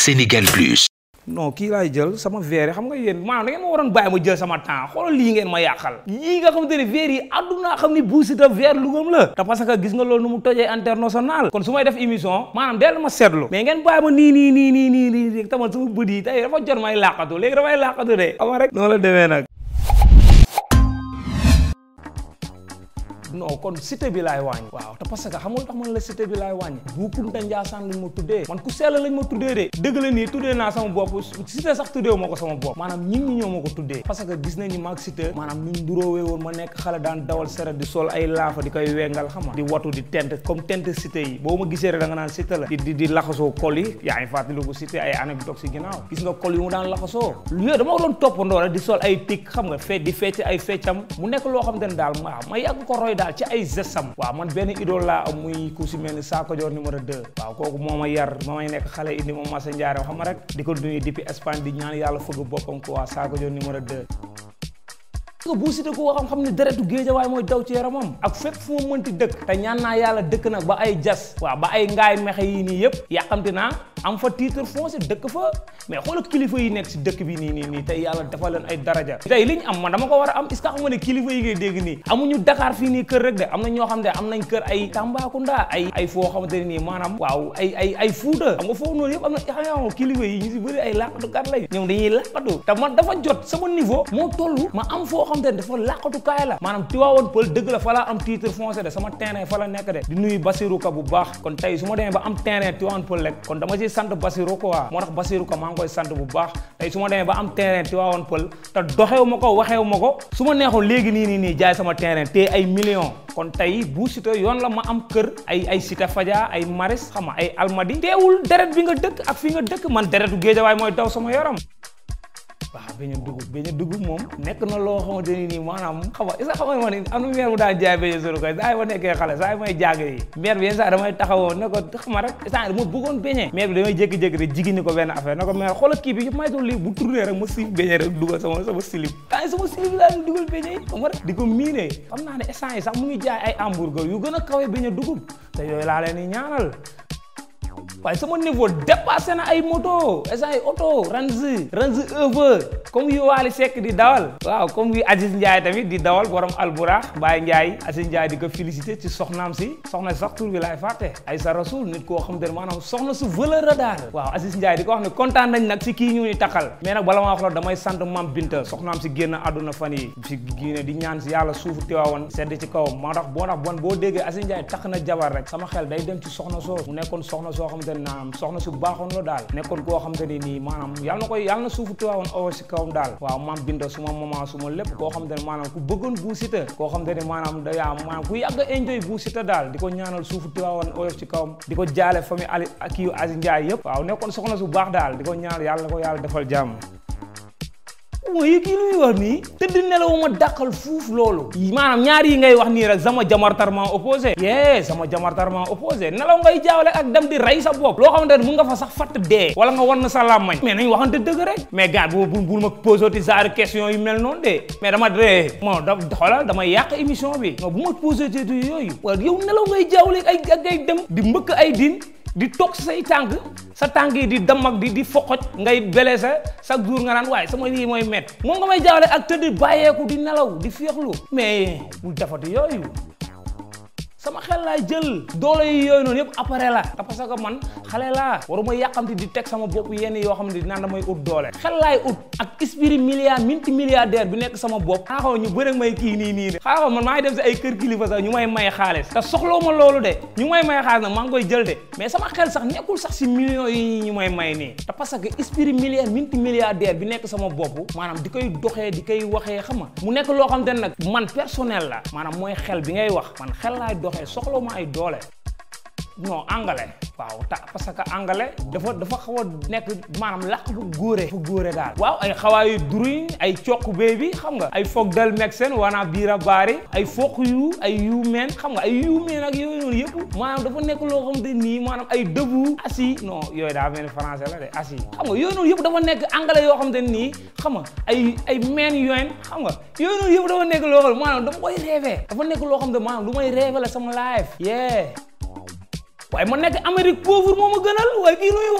Sénégal Plus. non kii laay jël sama verre xam nga yéen maanaam da ngeen ma waroon bàyyi ma jël sama temps xoolal lii ngeen ma yàqal yii nga xamante ne verre yi àdduna xam ni Bou Siteu verre lugam la te parce que gis nga loolu nu mu tojee international kon su may def émission maanaam deel ma seetlu mais ngeen bàyyi ma nii nii nii nii nii nii tamal sama bët yi tey dafa jot may làqatu léegi damay làqatu de ama rek noonu la demee nag non kon cité bi laay wàññi waaw te parce que xamul tax man la cité bi laay wàññi buukunte njaasaan lañ ma tuddee man ku sell lañ ma tuddee de dëgg la nii tuddee naa sama bopp cité sax tuddee moo ko sama bopp maanaam ñit ñi ñoo ma ko tuddee parce que gis nañ ni maag cité maanaam ñu nduróowee woon ma nekk xale daan dawal seret di sol ay laafa di koy wengal xama di watu di tent comme tent cité yi boo ma gisee da nga naan cité la di di laxasoo koli, ya yaa ngi fàttaliku cité ay anecdote si ginnaaw gis nga kol yi mu daan laxasoo yooyu dama ko doon toppandoo di sol ay tik xam nga fecc di fecc ay feccam mu nekk loo xam ne daal ma ma yàgg ko roy daal ci ay gestam waaw man benn idole laa am muy ku si mel ni Sakho Dior waaw kooku moom ma yar ma may nekk xale indi moom ma sa njaaram xam rek di ko nuyu depuis Espagne di ñaan yàlla fëgg boppam quoi Sakho Dior numéro 2 parce que bu Siteu ko waxam xam ne deretu géejawaay mooy daw ci yaramam ak fépp fu ma mënti dëkk te ñaan naa yàlla dëkk nag ba ay jas ba ay ngaay mexe yi nii yëpp yàqamti am fa titre foncier dëkk fa mais xoolal kilifa yi nekk si dëkk bi ni nii nii tey yàlla dafa leen ay daraja tey li ñu am man dama ko war a am est-ce que xam nga ne kilifa yi ngay dégg am na ñoo xam ne am nañ ay Tambacounda ay ay ne nii maanaam waaw ay ay ay Fuuta xam nga foofu noonu yëpp am na xam nga kilifa yi ñu si bëri ay làqatukat lañ ñoom dañuy làqatu te man dafa jot sama niveau moo toll ma xam te ne la maanaam Tivaouane Peulh dëgg la fa laa am titre foncier de sama terrain fa la nekk de di nuyu Basirou Ka bu baax kon tey su ma demee ba am terrain Tivaouane Peulh rek kon dama ciy sant Basirou quoi moo tax Basirou Ka maa ngi koy sant bu baax tey su ma demee ba am terrain Tivaouane Peulh te ma ko waxewu ma ko su ma neexoon léegi nii nii nii jaay sama terrain te ay million kon tey bu Cité yoon la ma am kër ay ay Cité Fadia ay Maris xam ay Almadi teewul deret fi nga dëkk ak fi nga dëkk man deretu Géejawaay mooy daw sama yaram waaw beñe dugub beñe dugub moom nekk na loo xamante ni nii maanaam xam isa xama ma ne am na meer bu daan jaay beñe sunu koy saa yi ma nekkee xale saa yi may jàng yi meer bi yenn saa damay taxawoo ne ko xama rek saa meer bi damay jékki benn affaire ne ko meer xoolal kii bi yëpp may toll lii bu tourné rek ma siif beñe rek dugal sama sama silib taa sama silib laa dugal xam miine xam naa ne instant yi sax mu ngi jaay ay hamburger yu gën a kawe beñe dugub te yooyu laa leen di ñaanal waaye sama niveau dépassé na ay moto essence ay oto range range EV comme yu Waly Seck di dawal waaw comme yu Aziz Ndiaye tamit di dawal borom alburax Baye Ndiaye Aziz Ndiaye di ko félicité ci soxnaam si soxna sax tur bi laay ay sa rasul koo xam te ne maanaam soxna su valeur la daal waaw Aziz wax ne kontaan nañ nag si kii ñu ni taxal mais nag bala maa wax la damay sant Mam Binta soxnaam si génn àdduna fan yi si Guinée di ñaan si yàlla suufu teewaawoon sedd ci kawam moo tax boo tax bon boo déggee Aziz Ndiaye tax na jabar rek sama xel day dem ci soxna soo mu nekkoon soxna soo xamante ne naam soxna su baaxoon la daal nekkoon koo xamante ne nii maanaam yàlla na koy yàlla na suufu tuwaawoon oo si kawam daal waaw maam binda su ma maman su ma lépp koo xamante ne maanaam ku bëggoon Bou Siteu koo xamante ne maanaam da yàgg a enjoy Bou daal di ko ñaanal suufu tuwaawoon oo si kawam di ko jaale famille Ali ak kii Aziz Ndiaye waaw nekkoon soxna su baax daal di ko ñaanal yàlla na ko yàlla defal jàmm mooy kii luy wax nii tëdd nelaw ma dàqal fuuf loolu maanaam ñaar yi ngay wax nii rek sama jamartarment opposé yee sama jamartarment opposé nelaw ngay jaawale ak dem di rey sa bopp loo xamante ne mun nga fa sax fatt dee wala nga war na sa làmmañ mais nañ waxante dëgg rek mais gars bu bu bul ma posoti question yu mel noonu de mais dama dee mo da xoolal dama yàq émission bi ma bu ma posoti yooyu yow nelaw ngay jaawale ak ay dem di mbëkk ay din di tok say tang sa tànk di dem ak di di foqoj ngay belesa sa gour nga naan waaye sama lii moy met mo nga may ak baye ko di nelaw di féexlu mais bu defati yoyu sama xel laay jël doole yi yooyu noonu yëpp après la te parce que man xale laa waruma yàqamti di teg sama bopp yenn yoo xam ne naan damay ut doole xel laay ut ak esprit milliard minti milliardaire bi nekk sama bopp xaaxaw ñu bëri may kii nii nii de xaaxaw man maa ngi dem si ay kër kilifa sax ñu may may xaalis te soxloo ma loolu de ñu may may xaalis nag maa ngi koy jël de mais sama xel sax nekkul sax si millions yi ñu may may nii te parce que esprit milliard minti milliardaire bi nekk sama bopp maanaam di koy doxee di koy waxee xam nga mu nekk loo xam te nag man personnel la maanaam mooy xel bi ngay wax man xel laay doxee soxla ma ay doole. non angale waaw ta parce que angale dafa dafa xaw a nekk maanaam làkk bu góore fu góore daal waaw ay xawaayu duruñ ay cokk bee xam nga ay foog dal meg seen waanaa biir a baari ay foq yu ay yu meen xam nga ay yu meen ak yooyu noonu yëpp maanaam dafa nekk loo xam te nii maanaam ay dëbu asi daa mel la de asi xam yëpp dafa nekk angale yoo xam te nii xam nga ay ay meen yooyu xam nga yooyu noonu yëpp nekk loo xam maanaam dama koy rêvé la sama life yeah waaye ma nekk Amérique pauvre moo ma gënal waaye kii nuyu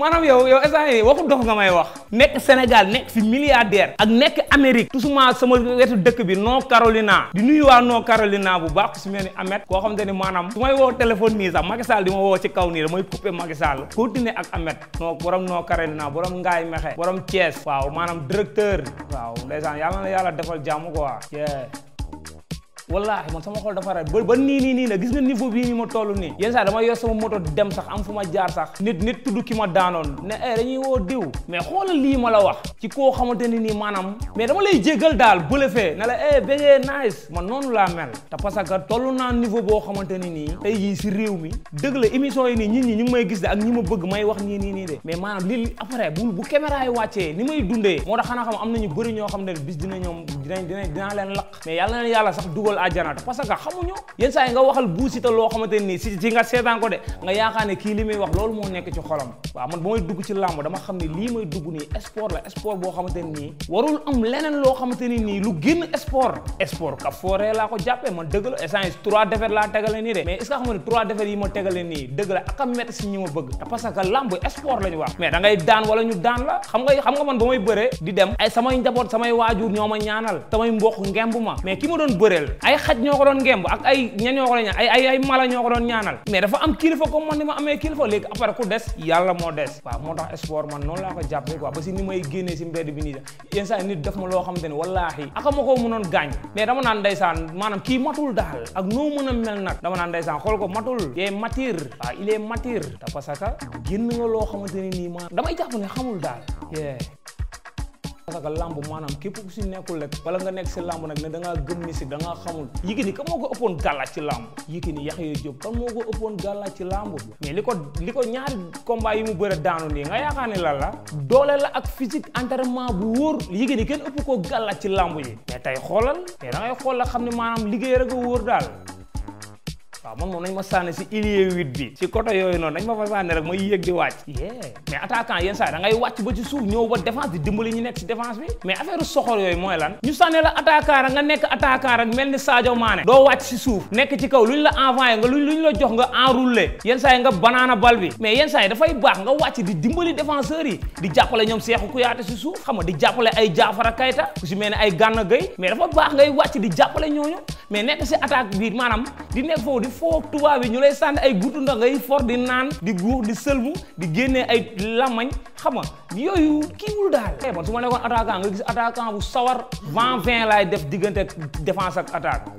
maanaam yow yow instant yii waxu dof nga may wax nekk Sénégal nekk fi milliardaire ak nekk Amérique tusuma sama wetu dëkk bi noo Carolina di nuyu waa noo Carolina bu baax su mel ni Ameth koo xam te ne maanaam su may woo téléphone nii sax Macky Sall di ma woo ci kaw nii damay coupé Macky Sall continuer ak Ameth noo borom noo Carolina borom Ngaay Mexe borom Thiès waaw maanaam directeur waaw ndeysaan wallaahi man sama xol dafa rey ba ba nii nii nii la gis nga niveau bii ni ma toll nii yenn saa dama yor sama moto dem sax am fu ma jaar sax nit nit tudd ki ma daanoon ne eh dañuy woo diw mais xoolal lii ma la wax ci koo xamante ne nii maanaam mais dama lay jéggal daal bële fee ne la eh bégee nice man noonu laa mel te parce naa niveau boo xamante ne nii tey jii si réew mi dëgg la émission yi nii ñu may gis de ak ñi ma bëgg may wax nii nii nii de mais maanaam ni moo tax xanaa xam am nañu bëri ñoo xam ne bis dina ñoom dugal aljanaata parce que xamuñu yeen say nga waxal Bou Siteu loo xamante ci si nga sétan ko de nga yaakaane ki kii wax loolu mo nekk ci xolam wa man bamay dugg ci lamb dama xamni li lii may dugg ni sport la sport bo xamanteni warul am leneen lo xamanteni ni lu génn sport sport ka foré la ko jappé man deugul essence 3 défaites la tegale ni dé mais est ce que xam ne trois défaites yi mo tegale ni deugul ak am métti ci ñi ma bëgg parce que lamb sport lañu wax mais da ngay daan wala ñu daan la xam nga xam nga man bamay bëré di dem ay samay njabot samay wajur ñoma ñaanal samay mbokk ngembuma mais ki ma doon bëreel ay xaj ñoo ko doon ngemb ak ay ña ñoo ko doon ñaan ay ay ñaanal mais dafa am kilifa comme man ni ma amee kilifa léegi après ku des yàlla moo des waaw moo tax sport man noonu laa ko jàppee quoi ba si ni may génnee si mbedd bi nii yenn saa nit def ma loo xamante ne wallaahi aka ma koo mënoon gaañ mais dama naan ndeysaan maanaam kii matul daal ak noo mën a mel nag dama naan saan xool ko matul yee matir waaw il est matir te parce que génn nga loo xamante ne nii ma damay jàpp ne xamul daal saka lamb manam, képp ku si nekkul rek bala nga nekk si lamb nag ne da gëm ni si da ngaa xamul Yékini kan moo ko ëppoon ci lamb Yékini Yaxya Jóob kan ci lamb mais ñaari combat yi mu bëre daanu nii nga yaakaar ne la doole la ak physique entraînement bu wóor ko gàlla ci lamb yi mais tey xoolal mais da ngay la rek waaw man moom nañ ma sànni si ilie huit bi si côté yooyu noonu nañ ma fa sànni rek ma yéeg di wàcc yee mais attaquant yenn saa da ngay wàcc ba ci suuf ñëw ba défense di dimbali ñu nekk si défense bi mais affaire soxor yooyu mooy lan ñu sànni la attaquant rek nga nekk attaquant rek mel ni Sadio Mané doo wàcc si suuf nekk ci kaw luñ la envoyé nga luñ luñ la jox nga enroulé yenn saa yi nga banaana bal bi mais yenn saa yi dafay baax nga wàcc di dimbali défenseurs yi suuf xam nga di jàppale ay Diafara Keita ku si mel ne ay Gana Gueye mais mais nekk si attaque biir maanaam di nekk foofu di foo tubaab bi ñu lay sànni ay guutu ndox ngay for di naan di guux di sëlmu di génnee ay lamañ xam nga yooyu kiiwul daal. Eh, man su ma nekkoon attaquant nga gis attaquant bu sawar vingt vingt laay def diggante défense ak attaque.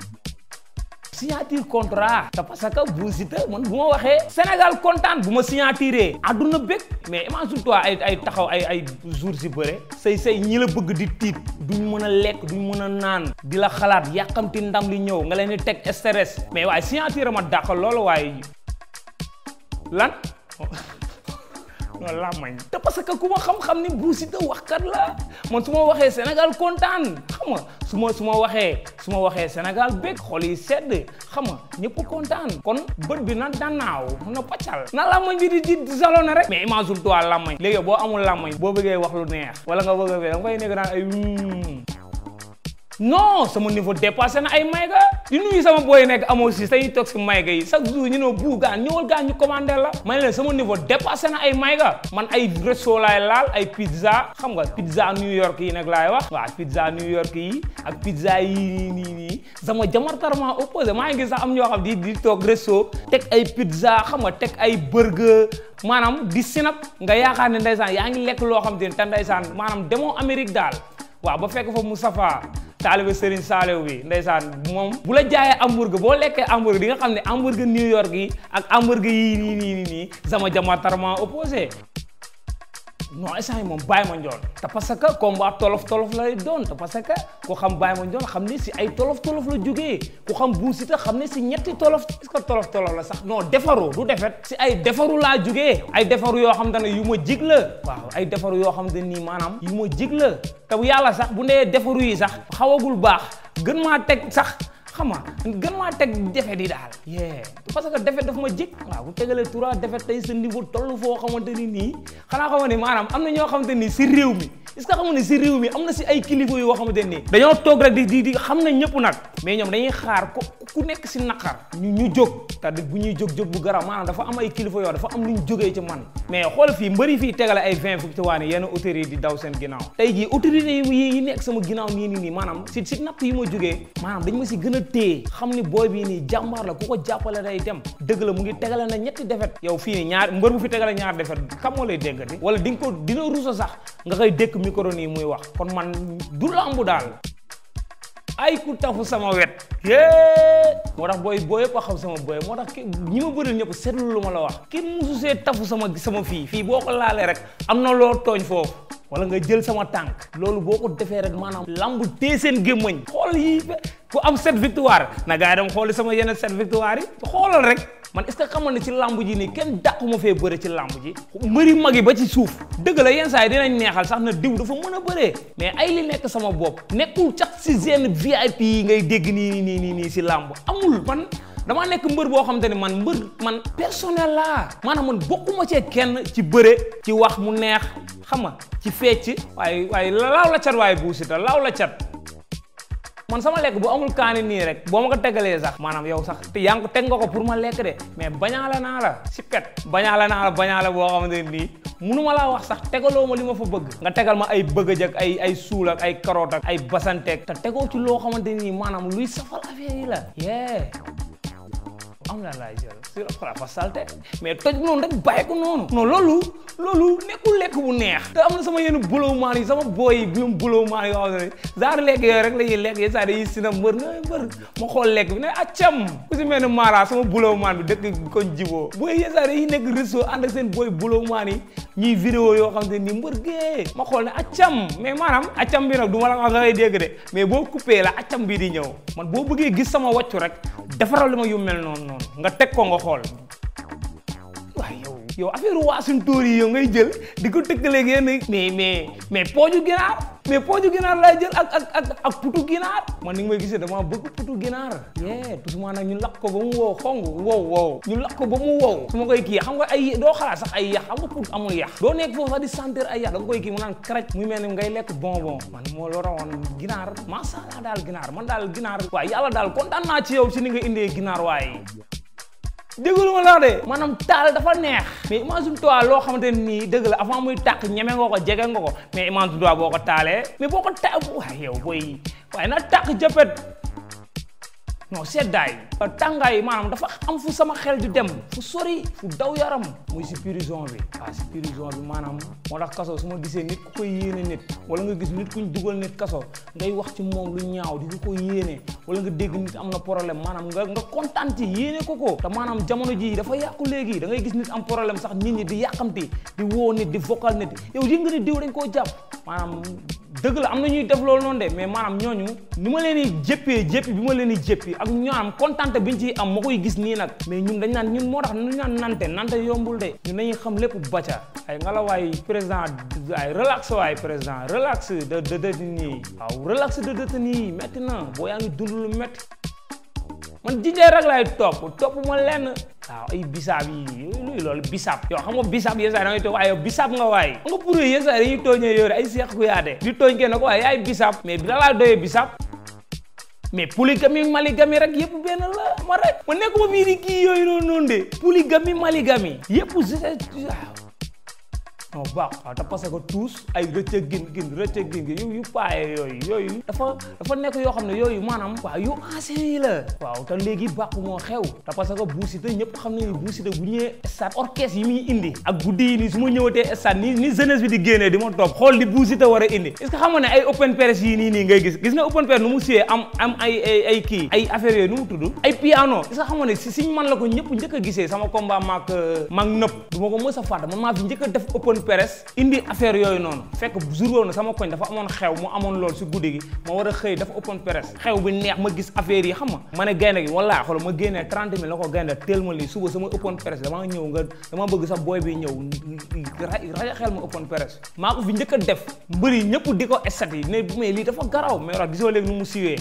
signature contrat te parce que Bou Siteu man bu ma waxee Sénégal kontaan bu ma signature adduna bëgg mais imagine toi ay ay taxaw ay ay jours yi bëre say say ñi la bëgg di tiit ñu mën a lekk ñu mën a naan di la xalaat yàqamti ndam li ñëw nga leen di teg stress mais waaye signature ma dàqal loolu waaye lan waxuma làmmañ te parce que ku ma xam-xam ni Bou Siteu waxkat la man su ma waxee Sénégal kontaan xam nga su ma su ma waxee su ma waxee Sénégal bég xol yi sedd xam nga ñëpp kontaan kon bët bi na dannaaw na paccal na làmmañ bi di di salona rek mais imagine toi làmmañ léegi boo amul làmmañ boo bëggee wax lu neex wala nga bëgg a nga fay nekk naan ay hmm. non sama niveau dépassé na ay mayga di nuyu sama booy nekk amoo si dañuy toog si mayga yi chaque jour ñu ne buu gaan ñëwal gaan ñu commandé la ma ne leen sama niveau dépassé na ay mayga man ay resto laay laal ay pizza xam nga pizza New York yi nag laay wax waaw pizza New York yi ak pizza yi nii nii nii sama jamartarement opposé maa ngi gis sax am ñoo xam di di toog resto teg ay pizza xam nga teg ay burger maanaam di sinap nga yaakaar ne ndeysaan yaa ngi lekk loo xam te ne te ndeysaan maanaam demoo Amérique daal waaw ba fekk fa Moustapha taaliba Serigne Saliou bi ndeysaan moom bu la jaayee hamburger boo lekkee hamburger di nga xam ne hamburger New York yi ak hamburger yi nii nii nii nii sama ma opposé non instant moom moom Baye Mandione te parce que combat tolof tolof lay doon te parce que ku xam Baye Mandione xam ne si ay tolof tolof la jógee ku xam Bou Siteu xam ne si ñetti tolof est-ce que tolof tolof la sax noo defaru du defet si ay defaru laa jógee ay defaru yoo xam te ne yu ma jig la waaw ay defaru yoo xam te nii maanaam yu ma jig la te bu yàlla sax bu nee defaru yi sax xawagul baax gën maa teg sax xama nga gën maa teg defet yi dal yee parce que defet daf ma jëkk waaw bu tegalee trois defet tay sa niveau tollu fo xamanteni ni nii xamanteni manam amna ño xamanteni na si réew mi est-ce que xamu ne si réew mi amna na si ay kilifa yo xamanteni dañu tok rek di di di xam na ñëpp mais ñom dañuy xaar ko ku nekk si nakar ñu ñu jog ta bu ñuy jog jog bu gara manam dafa am ay kilifa yo dafa am luñu joggé ci man mais xol fi mbeuri fi tegale ay 20 fukki waane yenn autorités yi di daw sen ginaaw tay jii autorités yi yi nekk sama ginaaw ni ni manam maanaam si si napp yi mo joggé manam dañ ma si gëna téye xam ni booy bii nii jàmbaar la ku ko jàppale day dem dëgg la mu ngi tegale na ñetti defet yow fii nii ñaar mbër bu fi tegale ñaar defet xam nga lay déggati wala di nga ko dina rusa sax nga koy dékk micro nii muy wax kon man du lambu daal ay ku tafu sama wet yée moo tax booy booy yëpp a xam sama booy moo tax ñi ma bëril ñëpp seetlu lu ma la wax kenn musu see tafu sama sama fii fii boo ko laalee rek am na loo tooñ foofu wala nga jël sama tànk lool boo ku am set victoire na a yi dama xooli sama yeneen sept victoire yi xoolal rek man est ce que xamal ci làmb ji nii kenn dàqu ma fee bëre ci làmb ji mbëri mag yi ba ci suuf dëgg la yenn saa yi dinañ neexal sax na diw dafa mën a bëree mais ay li nekk sama bopp nekkul sax si seen VIP yi ngay dégg nii nii nii nii si làmb amul man dama nekk mbër boo xamante ne man mbër man personnel laa maanaam man bokkuma cee kenn ci bëre ci wax mu neex xam nga ci fecc waaye waaye laaw la cat waaye buusita laaw la cat man sama lekk bu amul kaani nii rek boo ma ko tegalee sax maanaam yow sax te yaa ngi ko teg nga ko pour ma lekk de mais bañaale naa la si pet bañaale naa la bañaale boo xamante nii munuma laa wax sax tegaloo ma li ma fa bëgg nga tegal ma ay bëggëj ak ay ay suul ay karoot ak ay basanteeg te tegoo ci loo xamante nii maanaam luy safal affaire yi la yee am na laay jël sirop fara fa mais toj noonu rek bàyyi ko noonu non loolu loolu nekkul lekk bu neex te am na sama yenn buloo maan yi sama booy yi bu ñoom buloo maan yoo xam ne genre lekk yooyu rek la ñuy lekk yéen saa dañuy sina ma xool lekk bi ne accam ku si ne Mara sama buloo maan bi dëkk ko jiboo booy yéen saa nekk réseau ànd booy buloo maan yi ñuy yoo xam ne ni mbër gee ma xool ne accam mais maanaam accam bi nag du ma la wax nga lay boo coupé la accam bi di ñëw man boo rek defaral li ma yu mel noonu noonu nga tek ko nga xol yo, yow yow affaire waasun tuur yi ngay jël diko tek leg yeen mais mais mais poju ginar mais poju ginar lay jël ak ak ak ak putu ginar, man ni ngay gisse dama bëgg putu ye yee tusumaa nak ñu lakk ko bamu wo wow xong wow wo ñu lakk ko bamu wo wow koy ki xam nga ay do xala sax ay yah xam nga put amul yah do nek fofu di sentir ay yah da nga koy kii mu nan kraj muy melni ngay lek bonbon man mo lo rawon ginar ma allah dal ginar man iya dal ginar wa yalla dal contane na ci yow ci ni nga indé ginar waaye déglu ma la de maanaam taal dafa neex mais imagine toi loo xamante nii dëgg la avant muy tàq ñeme nga ko jege nga ko mais imagine toi boo ko taalee mais boo ko ta waaye yow waaye na tàq jëppet non seddaay tàngaay yi maanaam dafa am fu sama xel ju dem fu sori fu daw yaram muy si prison bi waaw si prison bi maanaam moo tax kaso su ma gisee nit ku koy yéene nit wala nga gis nit kuñ dugal nit kaso ngay wax ci moom lu ñaaw di ko yéene wala nga dégg nit am na problème maanaam nga nga kontaan ci yéene ko ko te maanaam jamono ji dafa yàqu léegi da ngay gis nit am problème sax nit ñi di yàqamti di woo nit di vocal nit yow di nga diw dañ koo jàpp maanaam dëgg la am na ñuy def loolu noonu de mais maanaam ñooñu ni ma leen di jéppee jéppi bi ma leen di jéppi ak ñoom kontante bi ñu ciy am ma koy gis nii nag mais ñun dañ naan ñun moo tax ñu naan nante nante yombul de ñun dañuy xam lépp bacca ay ngalawaay président ay relax waay président relax de de détenu yi waaw relax de détenu yi métti na boo yaa ngi dund lu métti man DJ rek laay topp topp ma lenn waaw ay bisaab yi tekki loolu bisaab yow xam nga bisaab yéen saa da ngay toog waaye yow bisaab nga waaye xam nga pour yéen saa dañuy tooñee yow ay seex ku yaate di tooñ kenn ko waaye yaay bisaab mais bi laa doyee bisaab mais polygami maligami rek yëpp benn la ma rek ma nekk ba fii kii yooyu noonu noonu de polygami maligami yëpp non baax waaw ah, parce que tous ay rëcc gin gin rëcc gin yu yu paaye yooyu yooyu dafa dafa nekk yoo xam ne yooyu maanaam waaw yu ancien yi la waaw te léegi bàq moo xew te parce que Bou Siteu ñëpp xam nañu Bou Siteu ñëwee stade orchestre yi muy indi ak guddi yi nii su ma ñëwatee stade ni ni jeunesse bi di génnee di ma topp xool li Bou Siteu war a indi is ce que xam nga ne ay open press yi nii nii ngay gis gis nga open press nu mu suyee am am ay ay kii ay affaires yooyu nu ñëpp gisee sama combat maak euh, maag nëpp du open press indi affaire yooyu noonu fekk jour boobu nag sama koñ dafa amoon xew mu amoon lool si guddi gi ma war a xëy dafa open press xew bi neex ma gis affaire yi xam ma ne gaynde gi wallaahi xool ma génnee trente mille la ko gaynde teel ma lii suba sama open press damaa ñëw nga dama bëgg sax booy bi ñëw raja ma open press maa ko fi njëkk a def mbër yi di ko estat yi ne mais lii dafa garaw mais wax gisoo léegi nu mu siwee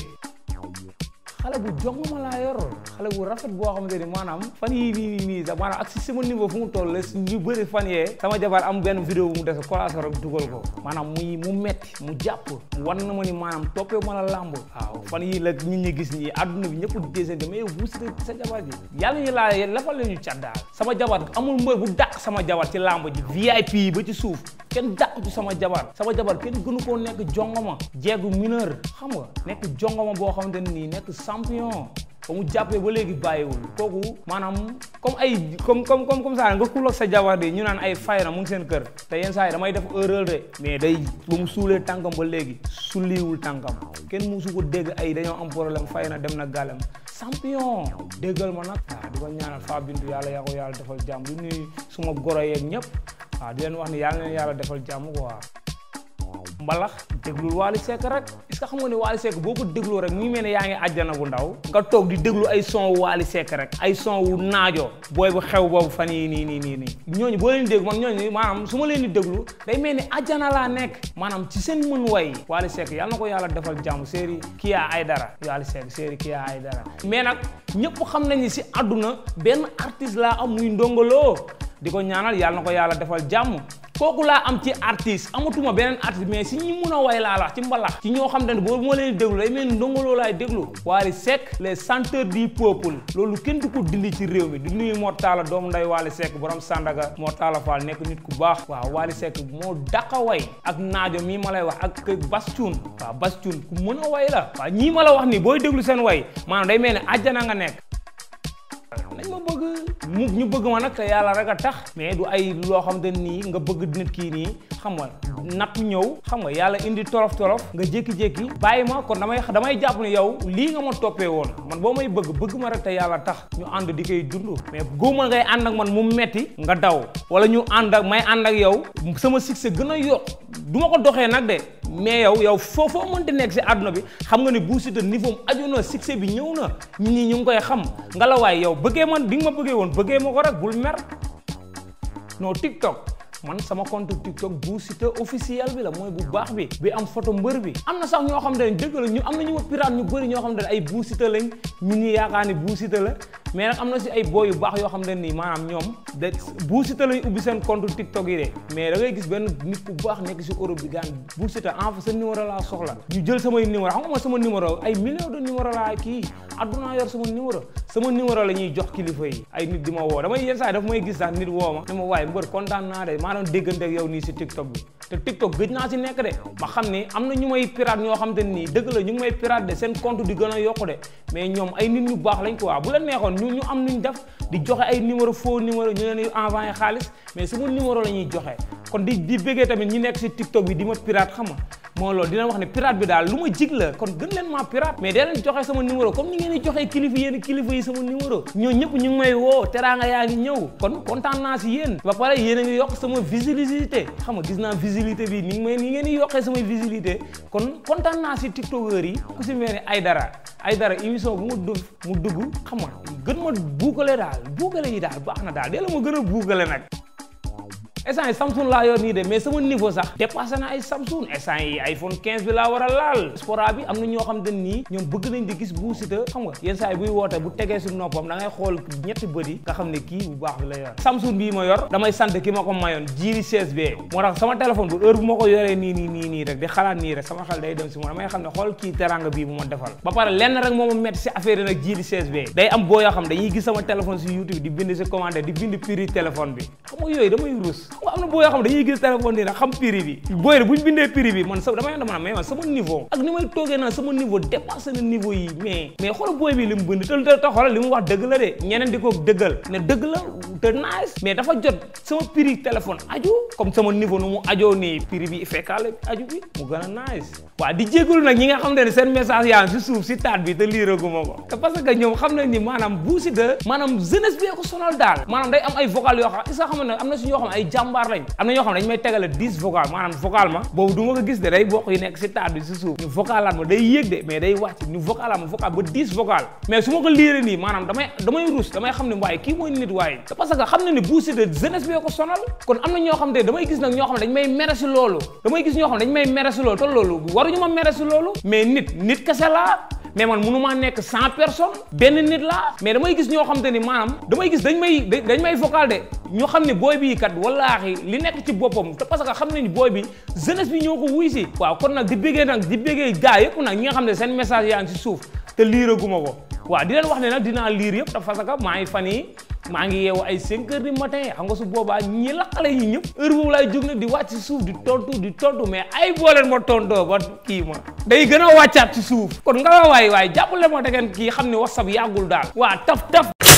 xale bu jong ma la yor xale bu rafet bo xamante ni maanaam fan yi ni, ni sa sax ak si sama niveau fu mu toll les ñu bëri fan yee sama jabar am ben vidéo bu mu dess collage rek duggal ko manam muy mu metti mu japp mu wan na ma ni maanaam toppee ma la lamb waaw fan yi la nit ñi gis ni aduna bi ñëpp di desante mais yow ci sa jabar ji yalla ñu la yé la ñu caddaal sama jabar amul mbër bu dak sama jabar ci lamb ji VIP yi ba ci suuf ken dàq ci sama jabar sama jabar ken gënu ko nek jongoma jégu mineur xam nga nek jongoma bo xamanteni nek champion ba mu jàppee ba léegi bàyyiwul kooku maanaam comme ay comme comme comme comme ça nga kuloog sa jabar de ñu naan ay fay na mu ngi seen kër te yenn saa yi damay def erreur de mais day ba mu suulee tànkam ba léegi sulliwul tànkam kenn musu ko dégg ay dañoo am problème fay na dem na gàllam champion déggal ma nag waaw di ko ñaanal Fa Bintu yàlla yaa ko yàlla defal jàmm di nuyu suma goro yeeg ñëpp waaw di leen wax ne yàlla leen yàlla defal jàmm quoi. mbalax déglul Waly Seck rek est-ce que xam nga ne Waly Seck boo ko dégloo rek mu mel ne yaa ngi àjjana bu ndaw nga toog di déglu ay son wu Waly Seck rek ay son wu naajo booy bu xew boobu fan yii nii nii nii nii ñooñu boo leen déglu man ñooñu maanaam su ma leen di déglu day mel ni àjjana laa nekk maanaam ci seen mën way Waly Seck yàlla na ko yàlla defal jàmm séeri Kya Aidara Waly Seck séeri ay Aidara mais nag ñëpp xam nañu si àdduna benn artiste laa am muy ndongoloo di ko ñaanal yàlla na ko yàlla defal jàmm kooku laa am ci artiste amatuma beneen artiste mais si ñi mun a way laa la ci mbalax ci ñoo xam ne boobu moo leen déglu day mel ni ndongoloo laay déglu Wally Seck les chanteurs du peuple loolu kenn du ko dindi ci réew mi du nuyu Mor Talla doomu nday Wally Seck borom Sandaga Mor Talla Fall nekk nit ku baax waaw Wally Seck moo dàqa way ak naajo mii ma lay wax ak Bastoun waaw Bastoun ku mën a way la waaw ñii ma la wax nii booy déglu seen way maanaam day mel ni àjjana nga nekk ma bëgg mu ñu bëgg ma nag te yàlla rek a tax mais du ay loo xam te nii nga bëgg nit kii nii xam nga natt ñëw xam nga yàlla indi torof torof nga jékki-jékki bàyyi ma kon damay damay jàpp ne yow lii nga ma toppee woon man boo may bëgg bëgg ma rek te yàlla tax ñu ànd di koy dund mais góoma ngay ànd ak man mu metti nga daw wala ñu ànd ak may ànd ak yow sama succès gën a yokk du ma ko doxee nag de mais yow yow foofoo mënti nekk si àdduna bi xam nga ne Bou Siteu niveau aju na succès bi ñëw na ñun ñi ñu ngi koy xam nga la waay yow bëggee ma man ma bëggee woon bëggee ma ko rek bul mer non TikTok man sama compte TikTok Bou Siteu officiel bi la mooy bu baax bi bi am photo mbër bi am na sax ñoo xam ne dëgg la ñu am na ñu ma pirate ñu bëri ñoo xam ne ay Bou Siteu lañ ñu ñu yaakaar ni Bou Siteu la mais nag am na si ay booy yu baax yoo xam ne nii maanaam ñoom da Bou ubbi seen compte TikTok yi de mais da ngay gis benn nit bu baax nekk si Europe bi gaan jël samay numéro xam nga ma sama numéro ay millions de numéro kii addunaa yor sama sama numéro la ñuy jox kilifa yi ay nit di ma woo damay yenn gis sax nit woo ma ne ma kontaan naa de maa yow nii naa si xam ni am na ñu may pirate ñoo xam te nii dëgg la ñu ngi may pirate de seen compte di gën a yokku de mais ñoom ay nit ñu baax lañ quoi bu leen neexoon ñun ñu am nuñ def di joxe ay numéro faux numéro ñu leen di envoyé xaalis mais suñu numéro la ñuy joxe kon di di bëggee tamit ñi nekk si TikTok bi di ma pirate xam nga moo loolu dina wax ne pirate bi daal lu ma jig la kon gën leen maa pirate mais dee leen joxe sama numéro comme ni ngeen di joxe kilifa yéen kilifa yi sama numéro ñoo ñëpp ñu ngi may woo teraanga yaa ngi ñëw kon kontaan naa si yéen ba pare yéen a ngi yokk sama visibilité xam nga gis naa visibilité bi ni may ni ngeen di yokkee sama visibilité kon kontaan naa si tiktokeur yi ku si mel ay dara ay dara émission bu ma dugg mu xam nga gën ma buugale daal buugale yi daal baax na daal dee la ma gën a buugale instant yi Samsung laa yor nii de mais sama niveau sax dépassé na ay Samsung instant yi iPhone 15 bi laa war a laal spora bi am na ñoo xam ne nii ñoom bëgg nañ di gis Bou xam nga yenn saa yi buy woote bu tegee si noppam da xool ñetti bët yi nga xam ne kii bu baax bi la yor Samsung bii ma yor damay sant ki ma ko mayoon jiiri 16 bi moo tax sama téléphone bu heure bu ma ko yoree nii nii nii rek di xalaat nii rek sama xel day dem waaw am na boo yoo xam ne dañuy gis téléphone nii rek xam prix bi booy bindee prix bi man sa dama leen dama mais man sama niveau ak toogee naan sama niveau dépassé na niveau yi mais mais xoolal booy bi li mu bind te te xoolal li de nice mais dafa jot sama prix téléphone aju comme sama niveau nu mu ajoo nii prix bi fekkaale aju bi mu gën a nice waaw di jégalu na ñi nga xam ne seen message yaa si suuf si taat bi te liiraguma ko te parce que ñoom xam nañ ni maanaam Bou ko sonal daal maanaam day na si jàmbaar am na ñoo xam ne dañ may tegale dix vocal maanaam vocal ma boobu du ko gis de day bokk yi nekk si taat bi si suuf ñu vocalaat ma day yéeg de mais day wàcc ñu vocalaat ma vocal ba dix vocal mais su ma ko liiree nii maanaam damay damay ruus damay xam ne waaye kii mooy nit waaye parce xam ne ni Bou Siteu jeunesse bi ko sonal kon am na ñoo xam te damay gis nag ñoo xam ne dañ may mere loolu damay gis ñoo xam ne dañ may mere loolu te loolu mais man maa nekk cent personnes benn nit laa mais damay gis ñoo xam te ni maanaam damay gis dañ may dañ may vocal de ñoo xam ne booy bii kat wallaahi li nekk ci boppam te parce que xam nañu booy bi jeunesse bi ñoo ko wuy si waaw kon nag di béggee nag di béggee gars nag ñi nga xam ne seen message yaa ngi si suuf te liiraguma ko waaw di leen wax ne nag dina liir yëpp te parce que maa ngi fan yi maa ngi yeewu ay 5 heures du matin xam nga su boobaa ñii la xale yi ñëpp heure boobu laay jóg nag di wàcc ci suuf di tontu di tontu mais ay booleen ma tontoo ba kii moon day gën a wàccaat ci suuf kon nga waay waay jàppale moo da ngeen kii xam ne whatsapp yàggul daal waa taf taf